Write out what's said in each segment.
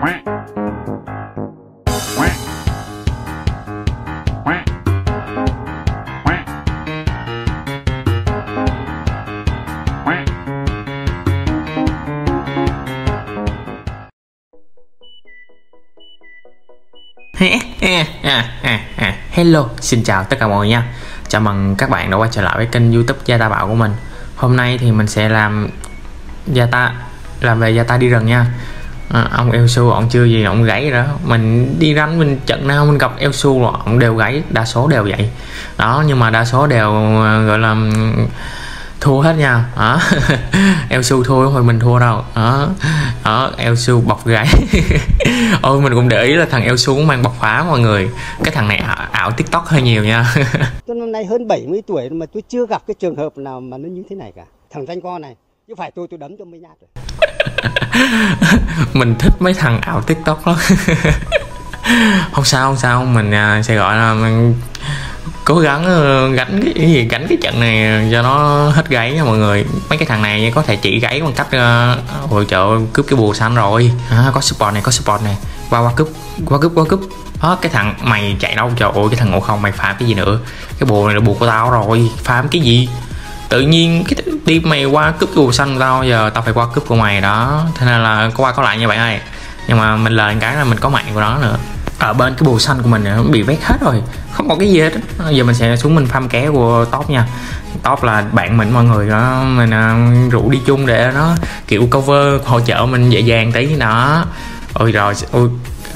Hello, xin chào tất cả mọi người nha Chào mừng các bạn đã quay trở lại với kênh youtube Gia Ta Bảo của mình Hôm nay thì mình sẽ làm Gia Ta Làm về Gia Ta đi rừng nha à, ông Eo Su ông chưa gì ông gãy đó mình đi đánh mình trận nào mình gặp Eo Su là ông đều gãy đa số đều vậy đó nhưng mà đa số đều ờ, gọi là thua hết nha đó Eo Su thua không phải mình thua đâu đó đó El Su bọc gãy ôi mình cũng để ý là thằng Eo Su cũng mang bọc phá mọi người cái thằng này ảo, ảo tiktok hơi nhiều nha tôi năm nay hơn 70 tuổi mà tôi chưa gặp cái trường hợp nào mà nó như thế này cả thằng danh con này chứ phải tôi tôi đấm cho mấy nhát rồi mình thích mấy thằng ảo tiktok lắm không sao không sao mình à, sẽ gọi là mình cố gắng ờ, gánh cái gì gánh cái trận này cho nó hết gãy nha mọi người mấy cái thằng này có thể chỉ gãy bằng cách uh, hội trợ cướp cái bùa xanh rồi à, có support này có support này qua qua cướp qua cướp qua cướp à, cái thằng mày chạy đâu trời ơi cái thằng ngộ không mày phạm cái gì nữa cái bùa này là bùa của tao rồi phạm cái gì tự nhiên cái team mày qua cướp cái bù xanh của tao giờ tao phải qua cướp của mày đó thế nên là có qua có lại như vậy này nhưng mà mình lời cái là mình có mạng của nó nữa ở bên cái bù xanh của mình nó bị vét hết rồi không có cái gì hết giờ mình sẽ xuống mình farm ké của top nha top là bạn mình mọi người đó mình uh, rủ đi chung để nó kiểu cover hỗ trợ mình dễ dàng tí nó ôi rồi ôi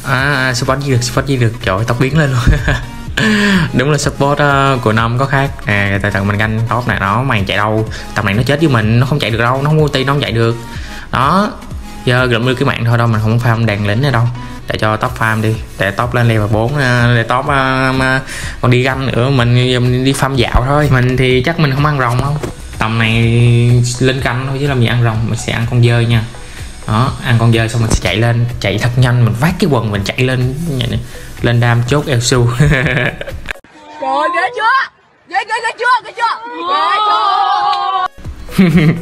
à, support gì được support gì được trời tóc biến lên luôn đúng là support uh, của năm có khác à từ từ mình canh top này nó mày chạy đâu tầm này nó chết với mình nó không chạy được đâu nó không ulti nó không chạy được đó giờ gặm được cái mạng thôi đâu mình không farm đàn lính này đâu để cho top farm đi để top lên level 4 ờ, để top uh, còn đi ganh nữa mình, mình đi farm dạo thôi mình thì chắc mình không ăn rồng đâu tầm này lên canh thôi chứ làm gì ăn rồng mình sẽ ăn con dơi nha đó ăn con dơi xong mình sẽ chạy lên chạy thật nhanh mình vác cái quần mình chạy lên lên đam chốt eo su rồi ghê chưa ghê ghê ghê chưa ghê chưa ghê chưa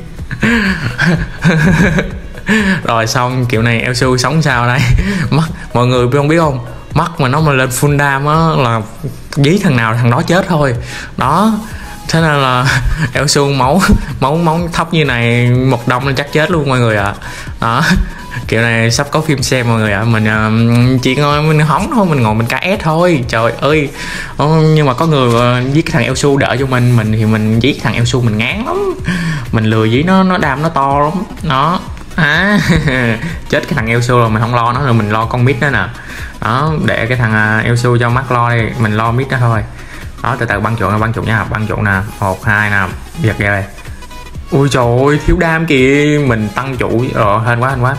rồi xong kiểu này eo su sống sao đây mắt mọi người không biết không mắt mà nó mà lên full đam á là dí thằng nào thằng đó chết thôi đó thế nên là eo xương máu máu máu thấp như này một đông là chắc chết luôn mọi người ạ à. đó kiểu này sắp có phim xem mọi người ạ à. mình uh, chỉ ngồi mình hóng thôi mình ngồi mình ép thôi trời ơi uh, nhưng mà có người uh, giết cái thằng Eo Su đỡ cho mình mình thì mình giết thằng Eo Su mình ngán lắm mình lừa dí nó nó đam nó to lắm nó à, chết cái thằng Eo Su rồi mình không lo nó rồi mình lo con mít đó nè đó để cái thằng à, Eo Su cho mắt lo đi mình lo mít đó thôi đó từ từ băng trộn băng trộn nha băng trộn nè một hai nè giật ra đây ui trời ơi thiếu đam kìa mình tăng chủ ờ hên quá hên quá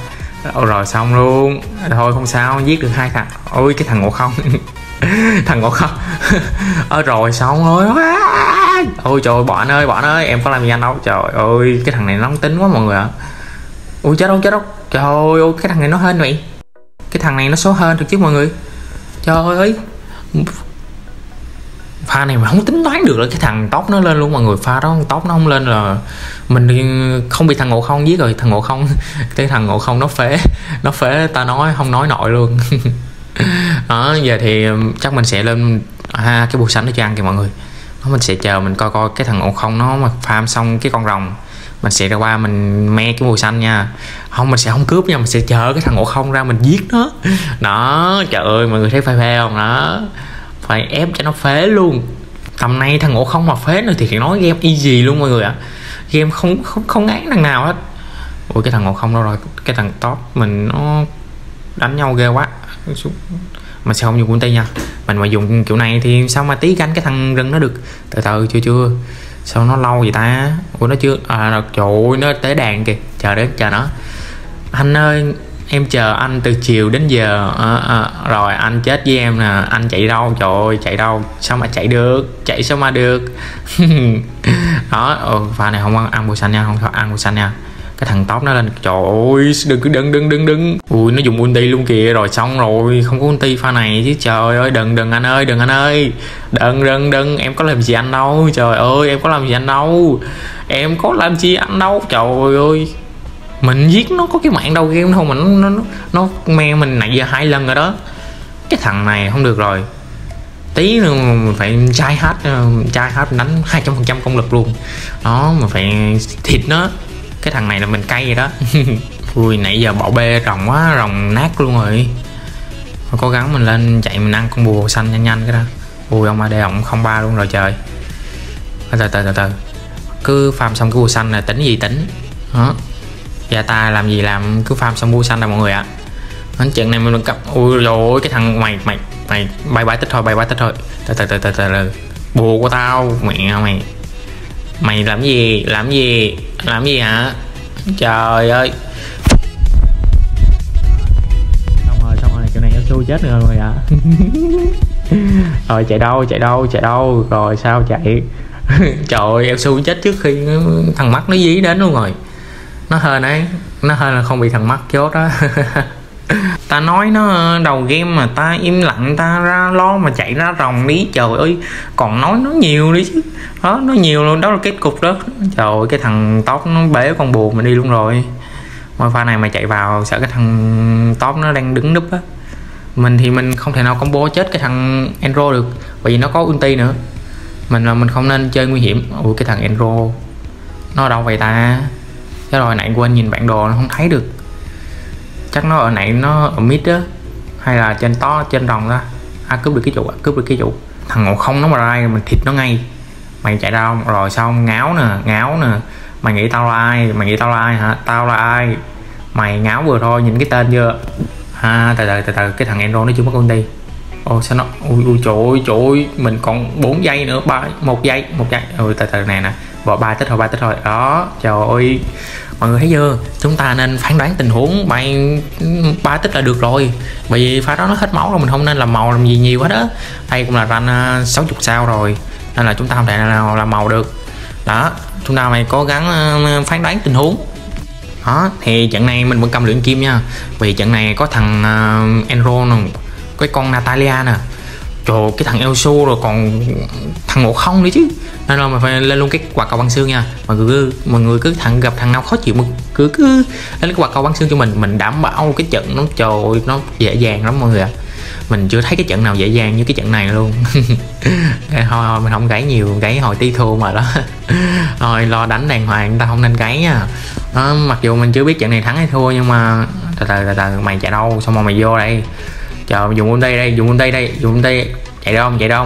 Ồ, ờ, rồi xong luôn thôi không sao giết được hai thằng ôi cái thằng ngộ không thằng ngộ không ờ rồi xong rồi ôi trời ơi, bọn ơi bọn ơi em có làm gì anh đâu trời ơi cái thằng này nóng tính quá mọi người ạ ui chết đâu chết đâu trời ơi cái thằng này nó hên vậy cái thằng này nó số hên thật chứ mọi người trời ơi pha này mà không tính toán được là cái thằng tóc nó lên luôn mọi người pha đó tóc nó không lên là mình không bị thằng ngộ không giết rồi thằng ngộ không cái thằng ngộ không nó phế nó phế ta nói không nói nội luôn đó giờ thì um, chắc mình sẽ lên à, cái bộ sánh để cho ăn kìa mọi người đó, mình sẽ chờ mình coi coi cái thằng ngộ không nó mà farm xong cái con rồng mình sẽ ra qua mình me cái mùi xanh nha không mình sẽ không cướp nha mình sẽ chờ cái thằng ngộ không ra mình giết nó đó trời ơi mọi người thấy phê phê không đó phải ép cho nó phế luôn tầm nay thằng ngộ không mà phế nữa thì nói game easy luôn mọi người ạ game không không không ngán thằng nào hết ôi cái thằng ngộ không đâu rồi cái thằng top mình nó đánh nhau ghê quá mà sao không dùng quân tây nha mình mà dùng kiểu này thì sao mà tí canh cái thằng rừng nó được từ từ chưa chưa sao nó lâu vậy ta ủa nó chưa à trời ơi nó tới đàn kìa chờ đấy chờ nó anh ơi em chờ anh từ chiều đến giờ à, à, rồi anh chết với em nè anh chạy đâu trời ơi chạy đâu sao mà chạy được chạy sao mà được đó ừ, pha này không ăn ăn bùi xanh nha không ăn bùi xanh nha cái thằng tóc nó lên trời ơi đừng cứ đừng đừng đừng đừng ui nó dùng ulti luôn kìa rồi xong rồi không có ulti pha này chứ trời ơi đừng đừng anh ơi đừng anh ơi đừng đừng đừng em có làm gì anh đâu trời ơi em có làm gì anh đâu em có làm gì anh đâu trời ơi mình giết nó có cái mạng đâu game đâu mà nó nó nó me mình nãy giờ hai lần rồi đó cái thằng này không được rồi tí nữa mình phải chai hết chai hát đánh 200 phần trăm công lực luôn đó mà phải thịt nó cái thằng này là mình cay rồi đó Ui nãy giờ bỏ bê rồng quá rồng nát luôn rồi Mà cố gắng mình lên chạy mình ăn con bùa xanh nhanh nhanh cái đó Ui ông AD ổng không ba luôn rồi trời Từ từ từ từ Cứ farm xong cái bùa xanh là tính gì tính Đó gia dạ, ta làm gì làm cứ farm xong mua xanh là mọi người ạ à. chuyện này mình gặp ui rồi cái thằng mày mày mày bay bãi tích thôi bay bãi tích thôi từ từ từ từ từ bùa của tao mẹ mày mày làm gì làm gì làm gì hả trời ơi xong rồi xong rồi kiểu này nó xui chết rồi mọi người ạ rồi chạy đâu chạy đâu chạy đâu rồi sao chạy trời ơi, em xui chết trước khi thằng mắt nó dí đến luôn rồi nó hên ấy nó hên là không bị thằng mắt chốt đó ta nói nó đầu game mà ta im lặng ta ra lo mà chạy ra rồng đi trời ơi còn nói nó nhiều đi chứ đó nó nhiều luôn đó là kết cục đó trời ơi cái thằng tóc nó bể con buồn mà đi luôn rồi mà pha này mà chạy vào sợ cái thằng tóc nó đang đứng núp á mình thì mình không thể nào combo chết cái thằng enro được bởi vì nó có ulti nữa mình là mình không nên chơi nguy hiểm ủa cái thằng enro nó ở đâu vậy ta Chắc rồi nãy quên nhìn bản đồ nó không thấy được Chắc nó ở nãy nó ở mid á Hay là trên to trên rồng ra À cướp được cái trụ, à, cướp được cái trụ Thằng ngộ không nó mà ra mình thịt nó ngay Mày chạy ra không? Rồi sao ngáo nè, ngáo nè Mày nghĩ tao là ai? Mày nghĩ tao là ai hả? Tao là ai? Mày ngáo vừa thôi, nhìn cái tên chưa? À, từ từ từ từ cái thằng Enron nó chưa mất công ty ô sao nó ui ui trời ơi trời ơi mình còn 4 giây nữa ba một giây một giây ôi ừ, từ từ nè nè bỏ ba tích rồi ba tích rồi đó trời ơi mọi người thấy chưa chúng ta nên phán đoán tình huống bay ba tích là được rồi bởi vì pha đó nó hết máu rồi mình không nên làm màu làm gì nhiều hết á đây cũng là ranh 60 à, sao rồi nên là chúng ta không thể nào làm màu được đó chúng ta mày cố gắng à, phán đoán tình huống đó thì trận này mình vẫn cầm luyện kim nha vì trận này có thằng uh, à, Enron cái con Natalia nè trời cái thằng elso rồi còn thằng ngộ không nữa chứ nên là mình phải lên luôn cái quả cầu băng xương nha mọi người cứ mọi người cứ thằng gặp thằng nào khó chịu mình cứ cứ lên cái quả cầu băng xương cho mình mình đảm bảo cái trận nó trời nó dễ dàng lắm mọi người ạ mình chưa thấy cái trận nào dễ dàng như cái trận này luôn thôi, thôi mình không gãy nhiều gãy hồi tí thua mà đó rồi lo đánh đàng hoàng người ta không nên gãy nha à, mặc dù mình chưa biết trận này thắng hay thua nhưng mà từ từ từ từ mày chạy đâu xong rồi mày vô đây chờ dùng ôm đây đây dùng ôm đây đây dùng ôm đây chạy đâu không chạy đâu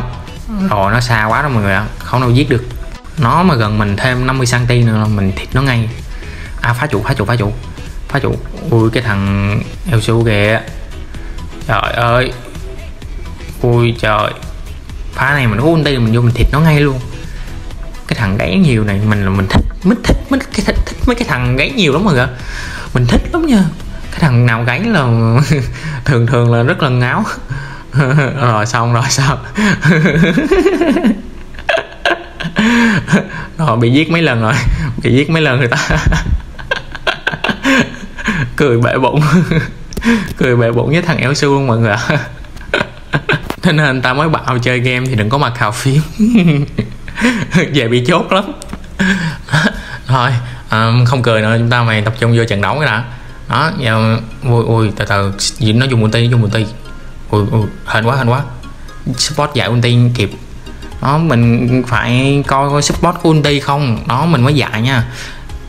không rồi ừ. nó xa quá đó mọi người ạ không đâu giết được nó mà gần mình thêm 50 cm nữa là mình thịt nó ngay à phá trụ phá trụ phá trụ phá trụ ui cái thằng su kìa trời ơi ui trời phá này mình uống tay mình vô mình thịt nó ngay luôn cái thằng gáy nhiều này mình là mình thích mít thích mít cái thích, thích mấy cái thằng gáy nhiều lắm mọi người mình thích lắm nha cái thằng nào gáy là thường thường là rất là ngáo rồi xong rồi xong rồi bị giết mấy lần rồi bị giết mấy lần người ta cười bể bụng cười bể bụng với thằng eo su luôn mọi người ạ thế nên ta mới bảo chơi game thì đừng có mặc hào phiến về bị chốt lắm thôi không cười nữa chúng ta mày tập trung vô trận đấu cái đã đó giờ ôi ui từ từ nó dùng ulti dùng ulti ôi ôi hên quá hên quá support giải ulti kịp đó mình phải coi coi support của ulti không đó mình mới dạy nha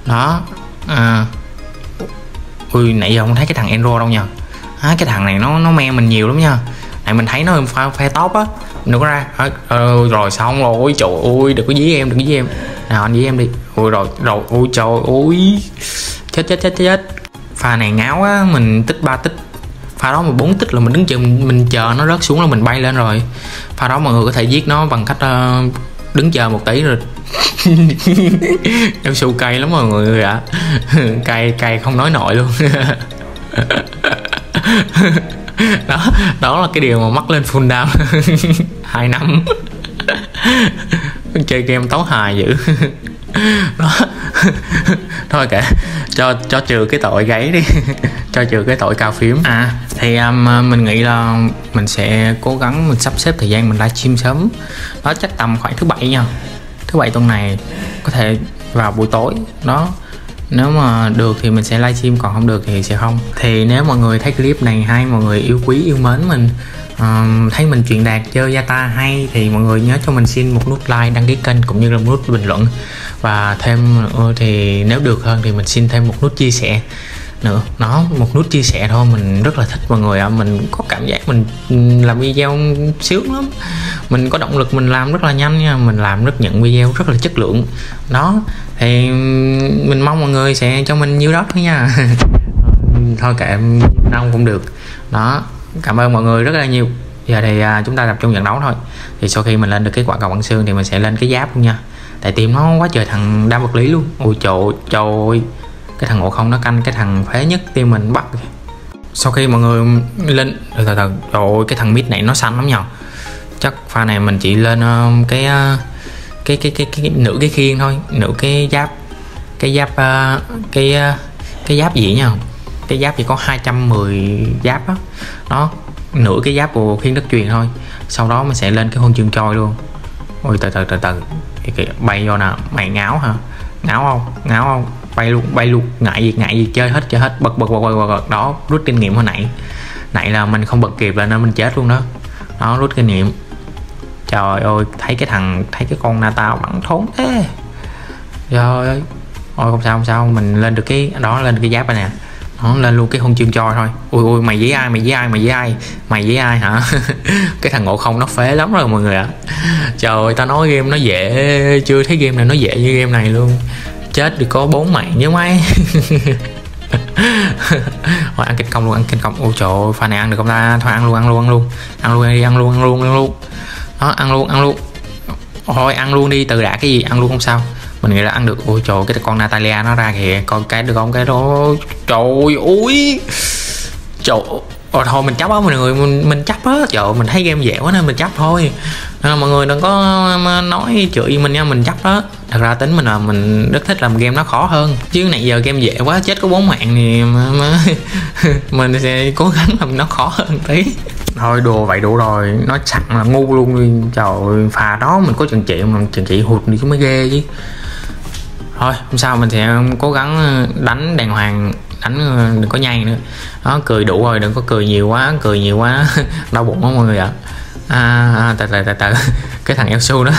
đó à, ui nãy giờ không thấy cái thằng enro đâu nha à, cái thằng này nó nó me mình nhiều lắm nha này mình thấy nó pha pha top á đừng có ra à, ờ, rồi xong rồi trời ui đừng có dí em đừng có dí em nào anh dí em đi ôi rồi rồi ui trời ui chết chết chết chết pha này ngáo á mình tích 3 tích pha đó mà bốn tích là mình đứng chờ mình, mình chờ nó rớt xuống là mình bay lên rồi pha đó mọi người có thể giết nó bằng cách uh, đứng chờ một tí rồi em sụ cay lắm mọi người ạ à. cay cay không nói nổi luôn đó đó là cái điều mà mắc lên full down hai năm chơi game tấu hài dữ đó thôi kệ cho cho trừ cái tội gáy đi cho trừ cái tội cao phím à thì um, mình nghĩ là mình sẽ cố gắng mình sắp xếp thời gian mình livestream sớm nó chắc tầm khoảng thứ bảy nha thứ bảy tuần này có thể vào buổi tối đó nếu mà được thì mình sẽ livestream còn không được thì sẽ không thì nếu mọi người thấy clip này hay mọi người yêu quý yêu mến mình um, thấy mình truyền đạt chơi gia ta hay thì mọi người nhớ cho mình xin một nút like đăng ký kênh cũng như là một nút bình luận và thêm nữa thì nếu được hơn thì mình xin thêm một nút chia sẻ nữa nó một nút chia sẻ thôi mình rất là thích mọi người ạ à. mình có cảm giác mình làm video sướng lắm mình có động lực mình làm rất là nhanh nha mình làm rất những video rất là chất lượng đó thì mình mong mọi người sẽ cho mình nhiêu đó thôi nha thôi kệ nông cũng được đó cảm ơn mọi người rất là nhiều giờ thì à, chúng ta tập trung trận đấu thôi thì sau khi mình lên được cái quả cầu bảng xương thì mình sẽ lên cái giáp luôn nha tại team nó quá trời thằng đa vật lý luôn ôi trời trời cái thằng ngộ không nó canh cái thằng phế nhất team mình bắt sau khi mọi người lên từ từ từ trời ơi cái thằng mid này nó xanh lắm nhờ chắc pha này mình chỉ lên ờ, cái, cái, ờ, cái, cái cái cái nữ cái khiên thôi nữ cái giáp cái giáp ờ, cái cái giáp gì nha cái giáp chỉ có 210 giáp đó, đó nửa cái giáp của khiên đất truyền thôi sau đó mình sẽ lên cái huân chương trôi luôn ôi từ từ từ từ cái, cái bay vô nào mày ngáo hả ngáo không ngáo không bay luôn bay luôn ngại gì ngại gì chơi hết chơi hết bật bật bật bật bật, bật. đó rút kinh nghiệm hồi nãy nãy là mình không bật kịp là nên mình chết luôn đó đó rút kinh nghiệm trời ơi thấy cái thằng thấy cái con na tao bắn thốn thế trời ơi ôi không sao không sao mình lên được cái đó lên được cái giáp rồi nè nó lên luôn cái hôn chương cho thôi ui ui mày với ai mày với ai mày với ai mày với ai hả cái thằng ngộ không nó phế lắm rồi mọi người ạ à. trời ta nói game nó dễ chưa thấy game này nó dễ như game này luôn chết được có bốn mạng nhớ mấy thôi ăn kinh công luôn ăn kinh công ôi trời ơi pha này ăn được không ta thôi ăn luôn ăn luôn ăn luôn ăn luôn đi ăn luôn ăn luôn ăn luôn đó ăn luôn ăn luôn thôi ăn luôn đi từ đã cái gì ăn luôn không sao mình nghĩ là ăn được ôi trời cái con Natalia nó ra kìa con cái được con cái đó trời ui trời Ồ, ờ, thôi mình chấp á mọi người mình mình chấp á trời mình thấy game dễ quá nên mình chấp thôi nên là mọi người đừng có ờ, nói chửi mình nha mình chấp đó thật ra tính mình là mình rất thích làm game nó khó hơn chứ này giờ game dễ quá chết có bốn mạng thì mình sẽ cố gắng làm nó khó hơn tí thôi đùa vậy đủ rồi nó sẵn là ngu luôn trời phà đó mình có chừng chị mà chừng chị hụt đi chứ mới ghê chứ thôi hôm sau mình sẽ um, cố gắng ờ, đánh đàng hoàng đánh ờ, đừng có nhai nữa đó cười đủ rồi đừng có cười nhiều quá cười nhiều quá đau bụng quá mọi người ạ à, à từ từ từ từ cái thằng eo su đó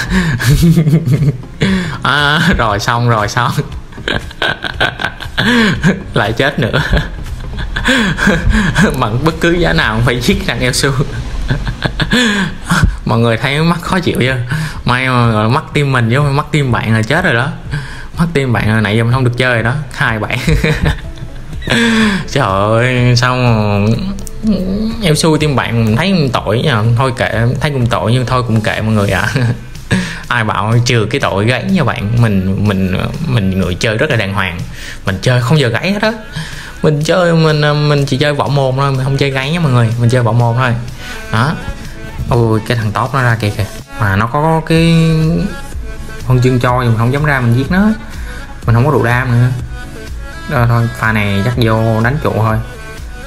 à, rồi xong rồi xong lại chết nữa bằng bất cứ giá nào phải giết thằng eo su mọi người thấy mắt khó chịu chưa may mà mắt tim mình chứ mắt tim bạn là chết rồi đó mất tim bạn nãy giờ mình không được chơi đó hai bạn trời ơi sao em xui tim bạn thấy cũng tội nhờ thôi kệ thấy cũng tội nhưng thôi cũng kệ mọi người ạ à. ai bảo trừ cái tội gãy nha bạn mình mình mình người chơi rất là đàng hoàng mình chơi không giờ gãy hết á mình chơi mình mình chỉ chơi vỏ mồm thôi mình không chơi gãy nha mọi người mình chơi vỏ mồm thôi đó ôi cái thằng top nó ra kìa kìa mà nó có cái con chân trôi mình không dám ra mình giết nó mình không có đồ đam nữa đó, thôi pha này dắt vô đánh trụ thôi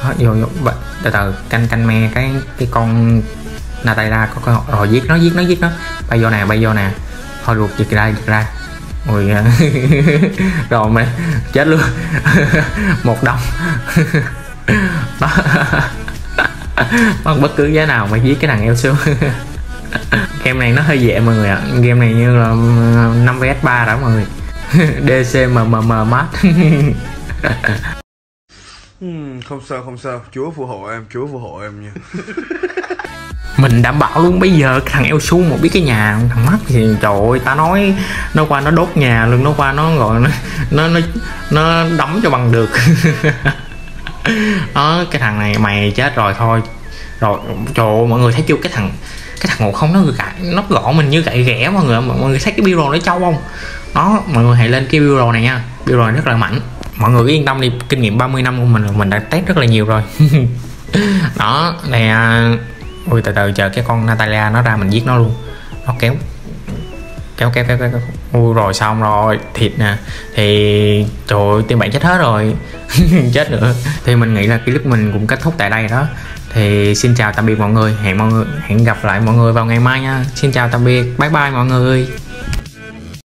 đó, vô, vô từ từ canh canh me cái cái con Natayla có cơ hội rồi giết nó giết nó giết nó bay vô nè bay vô nè thôi ruột giật ra giật ra ui dạ. rồi mày chết luôn một đồng đó bằng bất cứ giá nào mày giết cái thằng eo siêu game này nó hơi dễ mọi người ạ game này như là 5 ờ, vs 3 đã mọi người DCMMM mát không sao không sao chúa phù hộ em chúa phù hộ em nha mình đảm bảo luôn bây giờ thằng eo xuống một biết cái nhà thằng mắt thì trời ơi ta nói nó qua nó đốt nhà luôn nó qua nó gọi nó nó nó, nó đấm cho bằng được đó cái thằng này mày chết rồi thôi rồi trời ơi mọi người thấy chưa cái thằng cái thằng ngộ không nó gãi nó gõ mình như gãy ghẻ mọi người mọi người thấy cái bureau nó trâu không đó mọi người hãy lên cái bureau này nha bureau này rất là mạnh mọi người yên tâm đi kinh nghiệm 30 năm của mình mình đã test rất là nhiều rồi đó này ui từ từ chờ cái con Natalia nó ra mình giết nó luôn nó kéo kéo kéo kéo kéo ui rồi xong rồi thịt nè thì trời ơi tim bạn chết hết rồi chết nữa thì mình nghĩ là cái clip mình cũng kết thúc tại đây đó thì xin chào tạm biệt mọi người hẹn mọi người hẹn gặp lại mọi người vào ngày mai nha xin chào tạm biệt bye bye mọi người